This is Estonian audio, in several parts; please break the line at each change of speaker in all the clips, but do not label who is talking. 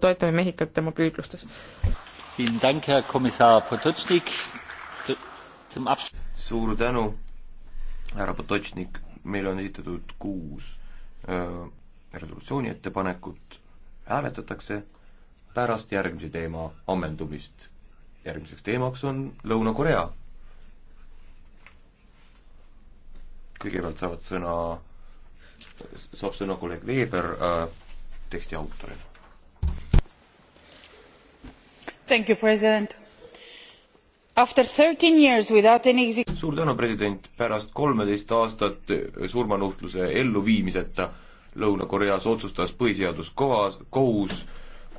toetame Mehhikat tema püüdlustes.
suur tänu, härra Potočnik, meile on esitatud kuus öö, äh, resolutsiooni ettepanekut, hääletatakse pärast järgmise teema ammendumist. järgmiseks teemaks on Lõuna-Korea. kõigepealt saavad sõna, saab sõna kolleeg Veeber äh, teksti autorina
You, any... suur
tänu, president, pärast kolmeteist aastat eh, surmanuhtluse elluviimiseta Lõuna-Koreas otsustas põhiseaduskohas, kohus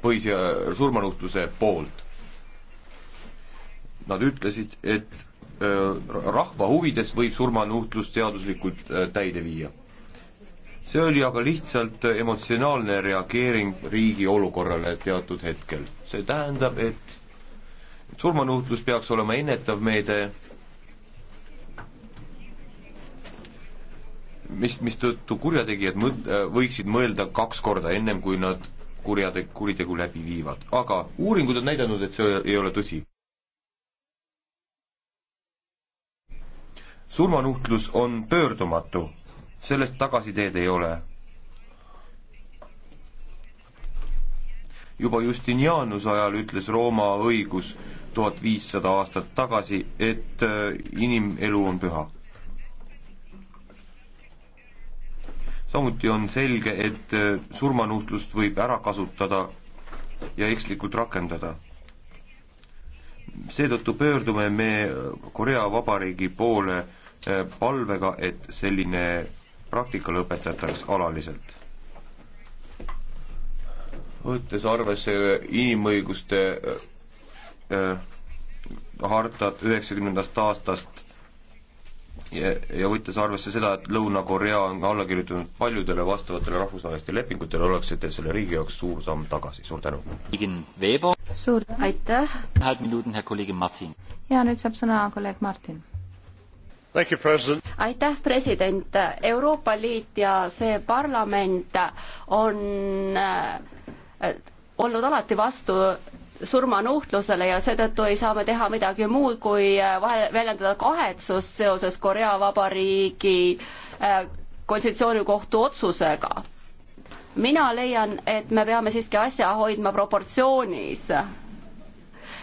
põhisea-, surmanuhtluse poolt. Nad ütlesid, et eh, rahva huvides võib surmanuhtlust seaduslikult eh, täide viia see oli aga lihtsalt emotsionaalne reageering riigi olukorrale teatud hetkel. see tähendab, et surmanuhtlus peaks olema ennetav meede, mis, mistõttu kurjategijad mõt-, võiksid mõelda kaks korda, ennem kui nad kurjate-, kuritegu läbi viivad. aga uuringud on näidanud, et see ei ole tõsi. surmanuhtlus on pöördumatu sellest tagasiteed ei ole. juba Justinianuse ajal ütles Rooma õigus tuhat viissada aastat tagasi, et äh, inimelu on püha. samuti on selge, et äh, surmanuhtlust võib ära kasutada ja ekslikult rakendada. seetõttu pöördume me Korea Vabariigi poole äh, palvega, et selline praktika lõpetataks alaliselt. võttes arvesse inimõiguste äh, äh hartat üheksakümnendast aastast ja, ja võttes arvesse seda, et Lõuna-Korea on alla kirjutanud paljudele vastavatele rahvusvahelistele lepingutele, oleks see selle riigi jaoks suur samm tagasi, suur tänu.
suur aitäh. ja nüüd saab
sõna kolleeg Martin
You,
aitäh, president. Euroopa Liit ja see parlament on äh, olnud alati vastu surmanuhtlusele ja seetõttu ei saa me teha midagi muud, kui äh, vahel väljendada kahetsust seoses Korea Vabariigi äh, konstitutsioonikohtu otsusega. mina leian, et me peame siiski asja hoidma proportsioonis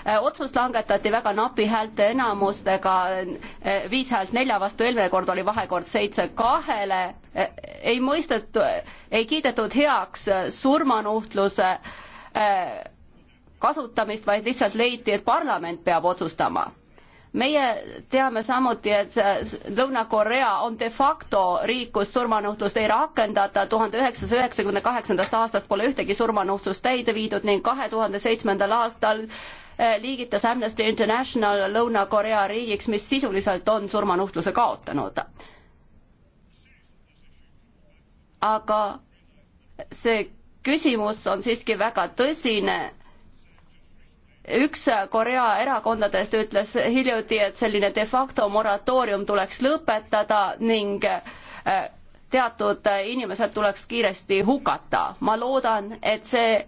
Äh, otsus langetati väga napi häälte enamustega, äh, viis häält nelja vastu, eelmine kord oli vahekord seitse kahele, äh, ei mõistetud, ei kiidetud heaks surmanuhtluse kasutamist, vaid lihtsalt leiti, et parlament peab otsustama meie teame samuti, et Lõuna-Korea on de facto riik, kus surmanuhtlust ei rakendata, tuhande üheksasaja üheksakümne kaheksandast aastast pole ühtegi surmanuhtlust täide viidud ning kahe tuhande seitsmendal aastal Eh, liigitas Amnesty International Lõuna-Korea riigiks, mis sisuliselt on surmanuhtluse kaotanud. aga see küsimus on siiski väga tõsine. üks Korea erakondadest ütles hiljuti, et selline de facto moratoorium tuleks lõpetada ning eh, teatud inimesed tuleks kiiresti hukata. ma loodan, et see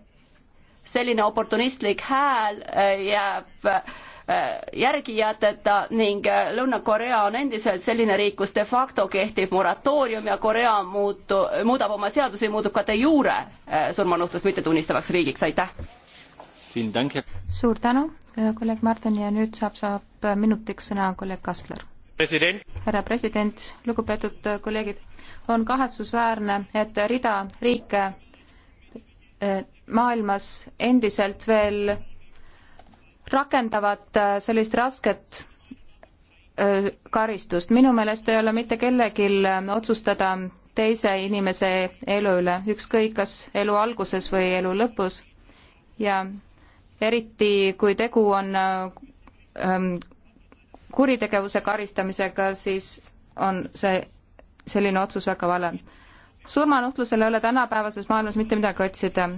selline oportunistlik hääl äh, jääb äh, järgijateta ning äh, Lõuna-Korea on endiselt selline riik, kus de facto kehtib moratoorium ja Korea muutu-, muudab oma seadusi, muutub ka de jure surmanuhtlust mittetunnistavaks riigiks, aitäh!
suur tänu, kolleeg Martin ja nüüd saab, saab minutiks sõna kolleeg Kassler. härra president, lugupeetud kolleegid, on kahetsusväärne, et rida riike Eh, maailmas endiselt veel rakendavad eh, sellist rasket eh, karistust. minu meelest ei ole mitte kellelgi otsustada teise inimese elu üle, ükskõik kas elu alguses või elu lõpus. ja eriti, kui tegu on kuritegevuse karistamisega, siis on see selline otsus väga vale surmanuhtlusel ei ole tänapäevases maailmas mitte midagi otsida.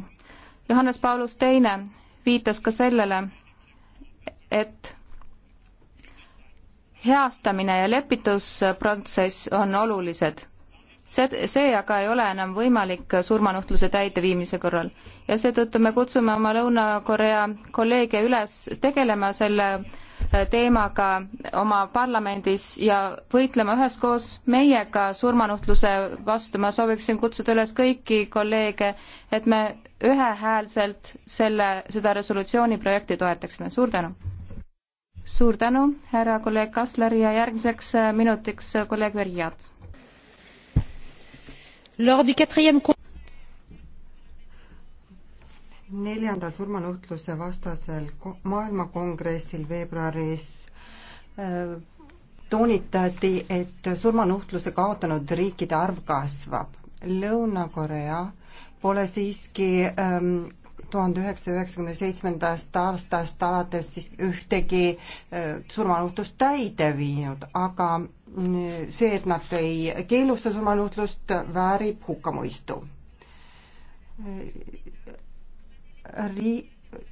Johannes Paulus teine viitas ka sellele, et heastamine ja lepitusprotsess on olulised. see, see aga ei ole enam võimalik surmanuhtluse täideviimise korral ja seetõttu me kutsume oma Lõuna-Korea kolleege üles tegelema selle teemaga oma parlamendis ja võitlema üheskoos meiega surmanuhtluse vastu. ma sooviksin kutsuda üles kõiki kolleege, et me ühehäälselt selle, seda resolutsiooni projekti toetaksime. suur tänu! suur tänu, härra kolleeg Kassler ja järgmiseks äh, minutiks äh, kolleeg Verjad
neljandal surmanuhtluse vastasel maailmakongressil veebruaris äh, toonitati, et surmanuhtluse kaotanud riikide arv kasvab. Lõuna-Korea pole siiski ähm, tuhande üheksasaja üheksakümne seitsmendast aastast alates siis ühtegi äh, surmanuhtlust täide viinud, aga äh, see, et nad ei keelusta surmanuhtlust, väärib hukkamõistu ri-,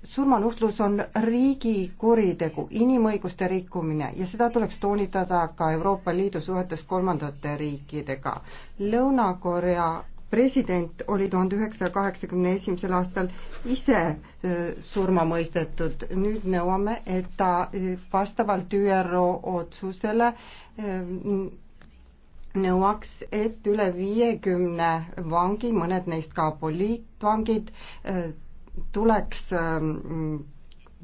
surmanuhtlus on riigi kuritegu, inimõiguste rikkumine ja seda tuleks toonitada ka Euroopa Liidu suhetes kolmandate riikidega. Lõuna-Korea president oli tuhande üheksasaja kaheksakümne esimesel aastal ise surma mõistetud, nüüd nõuame, et ta vastavalt ÜRO otsusele nõuaks, et üle viiekümne vangi, mõned neist ka poliitvangid, tuleks ähm,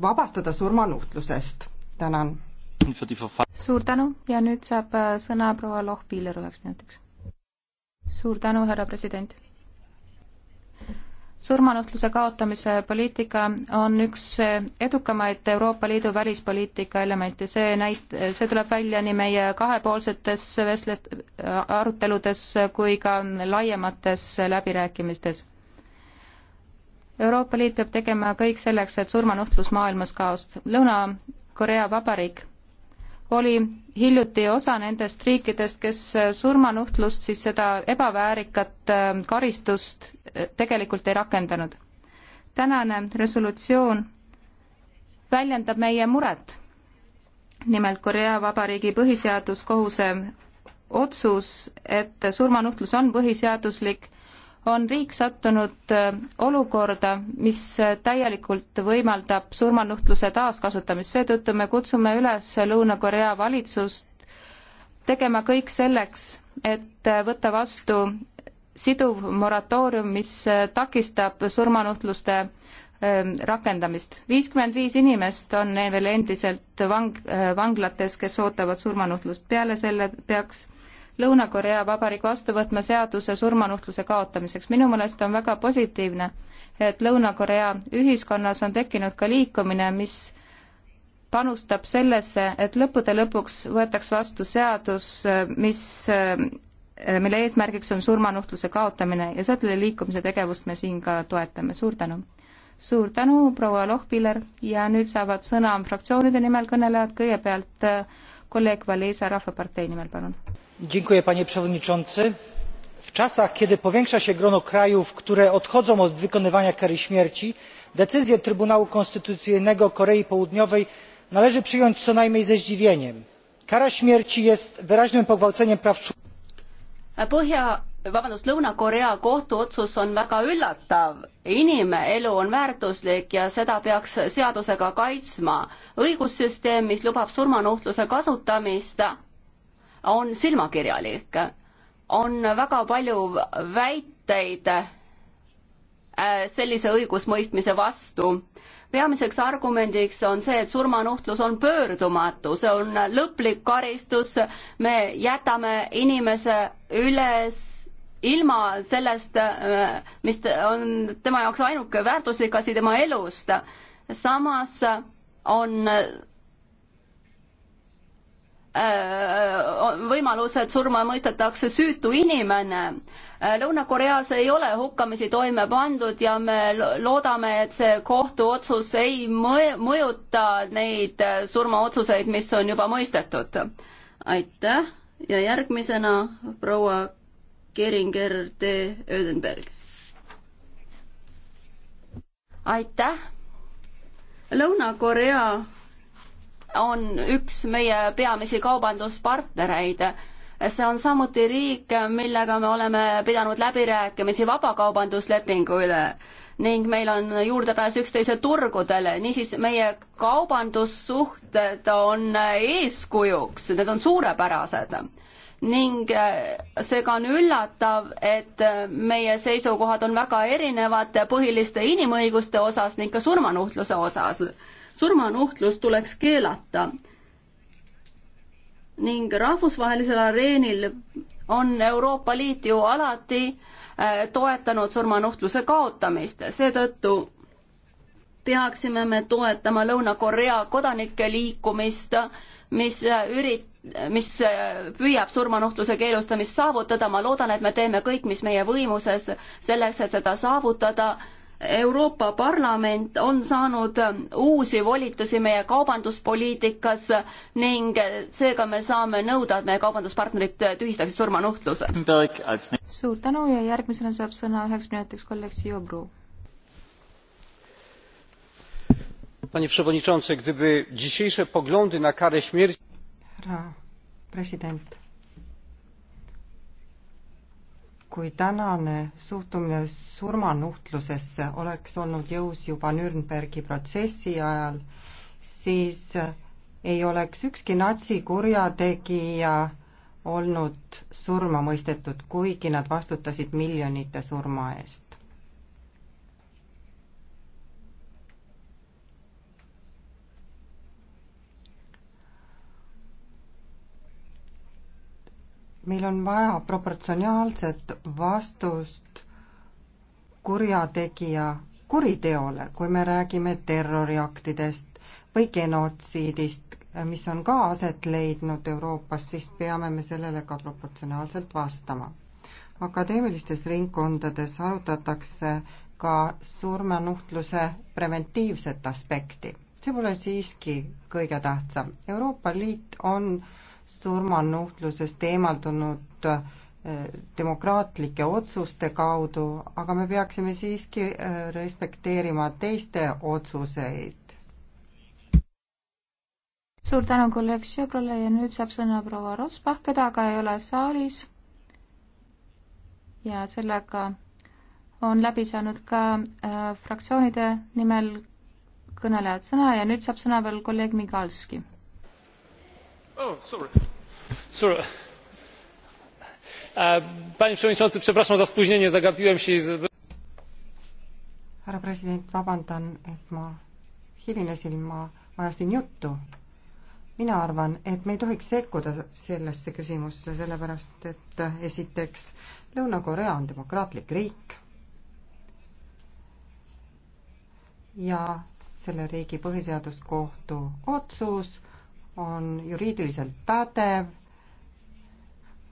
vabastada surmanuhtlusest. tänan.
suur tänu ja nüüd saab äh, sõna proua Lohpiller üheks minutiks. suur tänu, härra president surmanuhtluse kaotamise poliitika on üks äh, edukamaid Euroopa Liidu välispoliitika elemente, see näit-, see tuleb välja nii meie kahepoolsetes vestlet-, aruteludes kui ka laiemates läbirääkimistes. Euroopa Liit peab tegema kõik selleks, et surmanuhtlus maailmas kaost. Lõuna-Korea Vabariik oli hiljuti osa nendest riikidest, kes surmanuhtlust, siis seda ebaväärikat äh, karistust äh, tegelikult ei rakendanud. tänane resolutsioon väljendab meie muret. nimelt Korea Vabariigi põhiseaduskohuse otsus, et surmanuhtlus on põhiseaduslik on riik sattunud äh, olukorda, mis äh, täielikult võimaldab surmanuhtluse taaskasutamist, seetõttu me kutsume üles Lõuna-Korea valitsust tegema kõik selleks, et äh, võtta vastu siduv moratoorium, mis takistab surmanuhtluste ähm, rakendamist. viiskümmend viis inimest on veel endiselt vang, vanglates, kes ootavad surmanuhtlust. peale selle peaks Lõuna-Korea Vabariigi vastu võtma seaduse surmanuhtluse kaotamiseks. minu meelest on väga positiivne, et Lõuna-Korea ühiskonnas on tekkinud ka liikumine, mis panustab sellesse, et lõppude lõpuks võetaks vastu seadus, mis, mille eesmärgiks on surmanuhtluse kaotamine ja selle liikumise tegevust me siin ka toetame. suur tänu! suur tänu, proua Lohpiller ja nüüd saavad sõna fraktsioonide nimel kõnelejad, kõigepealt kolleeg Valesa Rahvapartei nimel, palun.
w czasach kiedy powiększa się grono krajów które odchodzą od wykonywania kary śmierci decyzję trybunału konstytucyjnego korei południowej należy przyjąć co najmniej ze zdziwieniem. kara śmierci jest wyraźnym pogwałceniem praw
człowieka vabandust, Lõuna-Korea kohtuotsus on väga üllatav. inimelu on väärtuslik ja seda peaks seadusega kaitsma. õigussüsteem, mis lubab surmanuhtluse kasutamist, on silmakirjalik. on väga palju väiteid äh, sellise õigusmõistmise vastu. peamiseks argumendiks on see, et surmanuhtlus on pöördumatu, see on lõplik karistus, me jätame inimese üles ilma sellest, äh, mis on tema jaoks ainuke väärtuslik asi tema elust. samas on äh, äh, võimalus, et surma mõistetakse süütu inimene. Lõuna-Koreas ei ole hukkamisi toime pandud ja me loodame, et see kohtuotsus ei mõjuta neid surmaotsuseid, mis on juba mõistetud. aitäh ja järgmisena proua Geringer de Ödenberg. aitäh! Lõuna-Korea on üks meie peamisi kaubanduspartnereid see on samuti riik, millega me oleme pidanud läbirääkimisi vabakaubanduslepingu üle ning meil on juurdepääs üksteise turgudele, niisiis meie kaubandussuhted on eeskujuks, need on suurepärased ning äh, seega on üllatav, et äh, meie seisukohad on väga erinevad põhiliste inimõiguste osas ning ka surmanuhtluse osas. surmanuhtlus tuleks keelata. ning rahvusvahelisel areenil on Euroopa Liit ju alati äh, toetanud surmanuhtluse kaotamist, seetõttu peaksime me toetama Lõuna-Korea kodanike liikumist, mis ürit-, mis püüab surmanuhtluse keelustamist saavutada, ma loodan, et me teeme kõik, mis meie võimuses, selleks, et seda saavutada. Euroopa Parlament on saanud uusi volitusi meie kaubanduspoliitikas ning seega me saame nõuda, et meie kaubanduspartnerid tühistaksid surmanuhtluse. suur tänu ja järgmisena saab sõna üheks minutiks kolleeg Siobru
panie przewodniczący! gdyby dzisiejsze poglądy na karę śmierci kui tänane suhtumine surmanuhtlusesse oleks olnud jõus juba Nürnbergi protsessi ajal, siis ei oleks ükski natsikurjategija olnud surma mõistetud, kuigi nad vastutasid miljonite surma eest. meil on vaja proportsionaalset vastust kurjategija kuriteole, kui me räägime terroriaktidest või genotsiidist, mis on ka aset leidnud Euroopas, siis peame me sellele ka proportsionaalselt vastama. akadeemilistes ringkondades arutatakse ka surmanuhtluse preventiivset aspekti. see pole siiski kõige tähtsam. Euroopa Liit on äh, surmanuhtlusest eemaldunud eh, demokraatlike otsuste kaudu, aga me peaksime siiski eh, respekteerima teiste otsuseid.
suur tänu kolleeg Šebrole ja nüüd saab sõna proua Rosbach, keda aga ei ole saalis. ja sellega on läbi saanud ka äh, fraktsioonide nimel kõnelejad sõna ja nüüd saab sõna veel kolleeg Migalski
Oh, e, panie przewodniczący przepraszam za spóźnienie zagapiłem się i. härra president vabandan et ma hilinesin ma ajasin juttu mina arvan et me ei tohiks sekkuda sellesse küsimusse sellepärast et esiteks lõuna korea on demokraatlik riik ja selle riigi põhiseaduskohtu otsus on juriidiliselt pädev.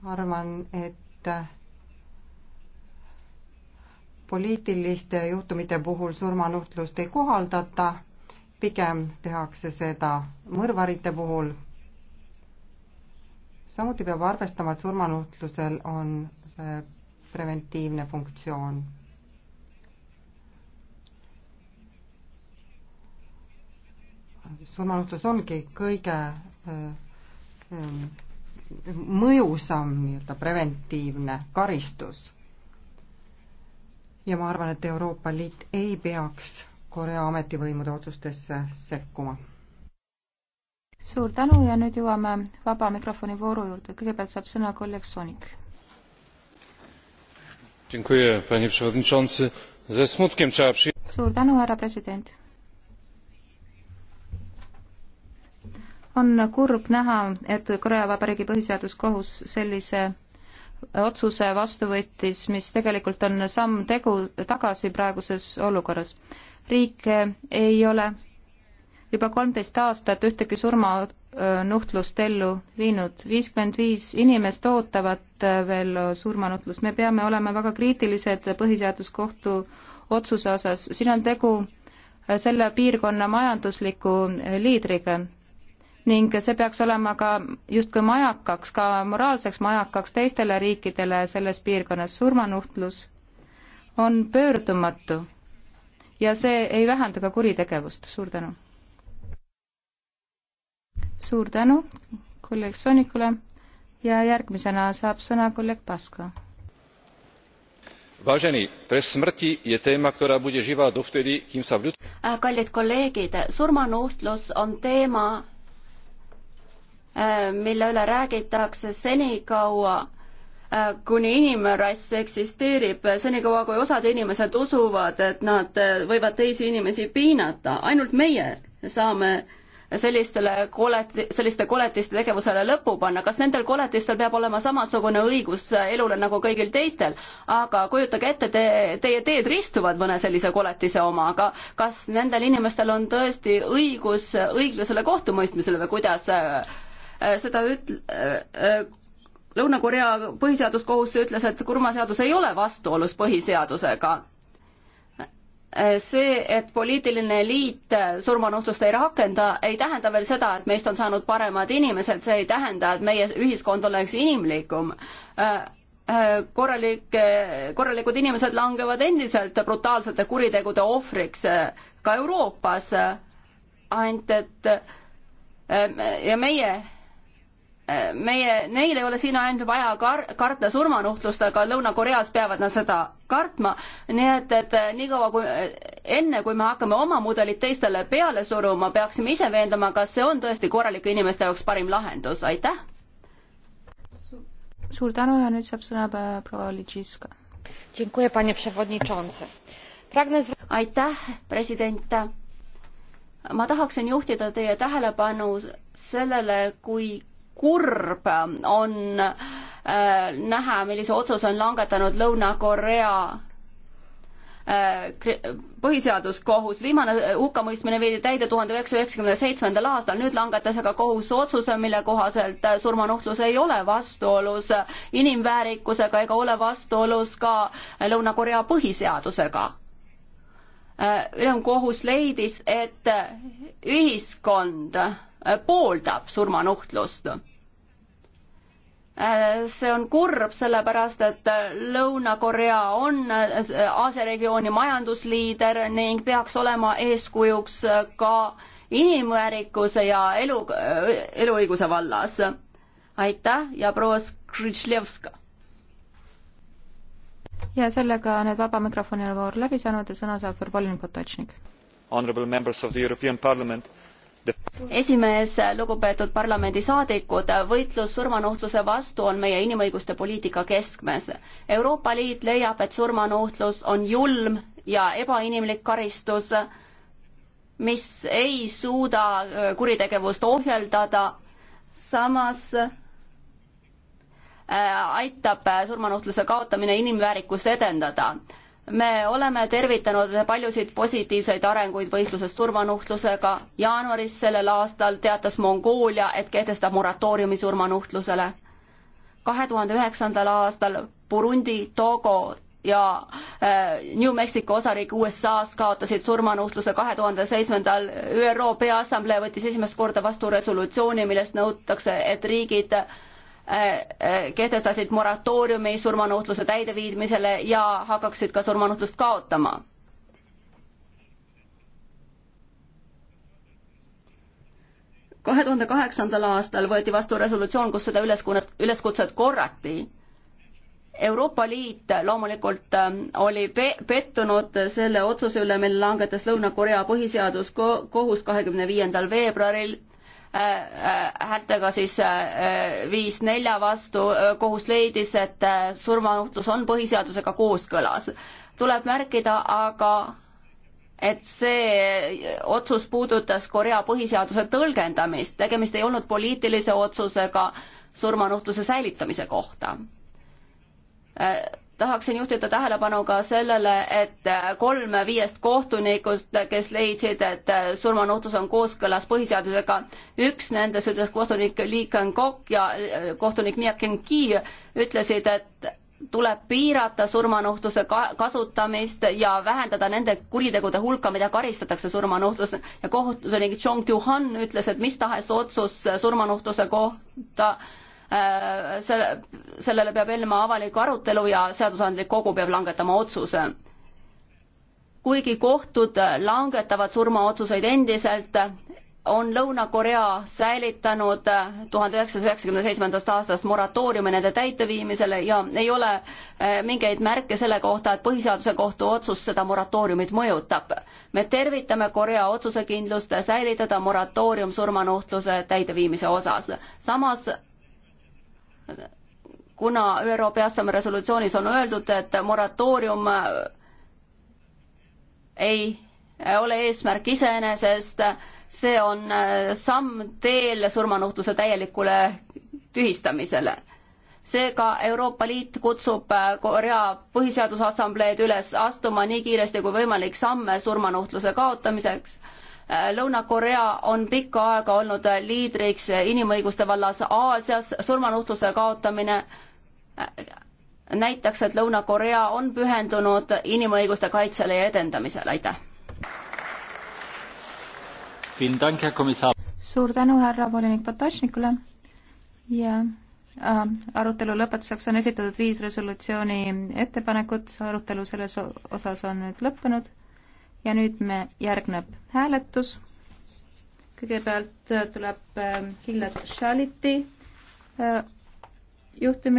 arvan, et poliitiliste juhtumite puhul surmanuhtlust ei kohaldata, pigem tehakse seda mõrvarite puhul. samuti peab arvestama, et surmanuhtlusel on preventiivne funktsioon surmanuhtlus ongi kõige mõjusam nii-öelda preventiivne karistus. ja ma arvan, et Euroopa Liit ei peaks Korea ametivõimude otsustesse sekkuma.
suur tänu ja nüüd jõuame vaba mikrofoni vooru juurde, kõigepealt saab sõna kolleeg Sonik. suur tänu, härra president on kurb näha, et Korea Vabariigi põhiseaduskohus sellise otsuse vastu võttis, mis tegelikult on samm tegu tagasi praeguses olukorras. riik ei ole juba kolmteist aastat ühtegi surmanuhtlust ellu viinud, viiskümmend viis inimest ootavad veel surmanuhtlust, me peame olema väga kriitilised põhiseaduskohtu otsuse osas, siin on tegu selle piirkonna majandusliku liidriga ning see peaks olema ka justkui majakaks, ka moraalseks majakaks teistele riikidele selles piirkonnas. surmanuhtlus on pöördumatu ja see ei vähenda ka kuritegevust. suur tänu! suur tänu kolleeg Sonikule ja järgmisena saab sõna kolleeg Pasko.
Vážený, trest smrti je téma, ktorá bude živá dovtedy, kým sa v ľud...
Kallid kolleegid, surmanuhtlus on teema, Äh, mille üle räägitakse senikaua, äh, kuni inimrass eksisteerib, senikaua kui osad inimesed usuvad, et nad äh, võivad teisi inimesi piinata, ainult meie saame sellistele koleti-, selliste koletiste tegevusele lõpu panna, kas nendel koletistel peab olema samasugune õigus elule nagu kõigil teistel, aga kujutage ette, te, teie teed ristuvad mõne sellise koletise omaga, kas nendel inimestel on tõesti õigus õiglasele kohtumõistmisele või kuidas Äh, seda üt-, äh, äh, Lõuna-Korea põhiseaduskohus ütles, et kurmaseadus ei ole vastuolus põhiseadusega. see, et poliitiline liit surmanuhtlust ei rakenda, ei tähenda veel seda, et meist on saanud paremad inimesed, see ei tähenda, et meie ühiskond oleks inimlikum korralik, korralikud inimesed langevad endiselt brutaalsete kuritegude ohvriks ka Euroopas. ainult et ja meie meie, neil ei ole siin ainult vaja kar-, karta surmanuhtlust, aga Lõuna-Koreas peavad nad seda kartma, nii et, et niikaua kui, enne kui me hakkame oma mudelit teistele peale suruma, peaksime ise veenduma, kas see on tõesti korralike inimeste jaoks parim lahendus, aitäh!
suur tänu ja nüüd saab sõna proua Lidžiska.
aitäh, president! ma tahaksin juhtida teie tähelepanu sellele, kui kurb on äh, näha, millise otsuse on langetanud Lõuna-Korea äh, põhiseaduskohus, viimane äh, hukkamõistmine viidi täide tuhande üheksasaja üheksakümne seitsmendal aastal, nüüd langetas aga kohus otsuse, mille kohaselt surmanuhtlus ei ole vastuolus inimväärikusega ega ole vastuolus ka Lõuna-Korea põhiseadusega. ülemkohus leidis, et ühiskond pooldab surmanuhtlust Äh, see on kurb, sellepärast et Lõuna-Korea on äh, Aasia regiooni majandusliider ning peaks olema eeskujuks äh, ka inimväärikuse ja elu, eluõiguse vallas. aitäh ja proua Skritšlevska!
ja sellega on nüüd vaba mikrofoni voor läbi saanud ja sõna saab Verbalin Potočnik.
Honourable members of the European Parliament
esimees, lugupeetud parlamendisaadikud, võitlus surmanuhtluse vastu on meie inimõiguste poliitika keskmes. Euroopa Liit leiab, et surmanuhtlus on julm ja ebainimlik karistus, mis ei suuda äh, kuritegevust ohjeldada, samas äh, aitab äh, surmanuhtluse kaotamine inimväärikust edendada me oleme tervitanud paljusid positiivseid arenguid võistluses surmanuhtlusega. jaanuaris sellel aastal teatas Mongoolia, et kehtestab moratooriumi surmanuhtlusele. kahe tuhande üheksandal aastal Burundi, Togo ja äh, New Mexico osariik USA-s kaotasid surmanuhtluse kahe tuhande seitsmendal ÜRO Peaassamblee võttis esimest korda vastu resolutsiooni, milles nõutakse, et riigid kehtestasid moratooriumi surmanuhtluse täideviimisele ja hakkaksid ka surmanuhtlust kaotama. kahe tuhande kaheksandal aastal võeti vastu resolutsioon, kus seda üleskunnet, üleskutset korrati. Euroopa Liit loomulikult ähm, oli pe pettunud selle otsuse üle, mille langetas Lõuna-Korea põhiseaduskohus kahekümne viiendal veebruaril Äh, äh, häältega siis äh, viis nelja vastu, kohus leidis, et surmanuhtlus on põhiseadusega kooskõlas. tuleb märkida aga, et see otsus puudutas Korea põhiseaduse tõlgendamist, tegemist ei olnud poliitilise otsusega surmanuhtluse säilitamise kohta tahaksin juhtida tähelepanu ka sellele, et kolm viiest kohtunikust, kes leidsid, et surmanuhtlus on kooskõlas põhiseadusega, üks nendest ütles kohtunik Li Kang-kok ja äh, kohtunik Mia Keng-ki ütlesid, et tuleb piirata surmanuhtluse ka-, kasutamist ja vähendada nende kuritegude hulka, mida karistatakse surmanuhtlus ja kohtunik Chong Tuhan ütles, et mis tahes otsus surmanuhtluse kohta Äh, selle, sellele peab eelnema avalik arutelu ja seadusandlik kogu peab langetama otsuse. kuigi kohtud langetavad surmaotsuseid endiselt, on Lõuna-Korea säilitanud tuhande üheksasaja üheksakümne seitsmendast aastast moratooriumi nende täiteviimisele ja ei ole äh, mingeid märke selle kohta, et Põhiseaduse Kohtu otsus seda moratooriumit mõjutab. me tervitame Korea otsusekindlust säilitada moratoorium surmanuhtluse täideviimise osas. samas kuna ÜRO Peaassamblee resolutsioonis on öeldud, et moratoorium ei ole eesmärk iseenesest, see on samm teel surmanuhtluse täielikule tühistamisele. seega Euroopa Liit kutsub Korea Põhiseaduse Assambleed üles astuma nii kiiresti kui võimalik samme surmanuhtluse kaotamiseks Äh, Lõuna-Korea on pikka aega olnud liidriks inimõiguste vallas Aasias, surmanuhtluse kaotamine äh, näitaks, et Lõuna-Korea on pühendunud inimõiguste kaitsele ja edendamisele, aitäh!
suur tänu härra volinik Potočnikule ja äh, arutelu lõpetuseks on esitatud viis resolutsiooni ettepanekut, arutelu selles osas on nüüd lõppenud ja nüüd me, järgneb hääletus. kõigepealt äh, tuleb Gillette äh, Shaliti äh, juhtumi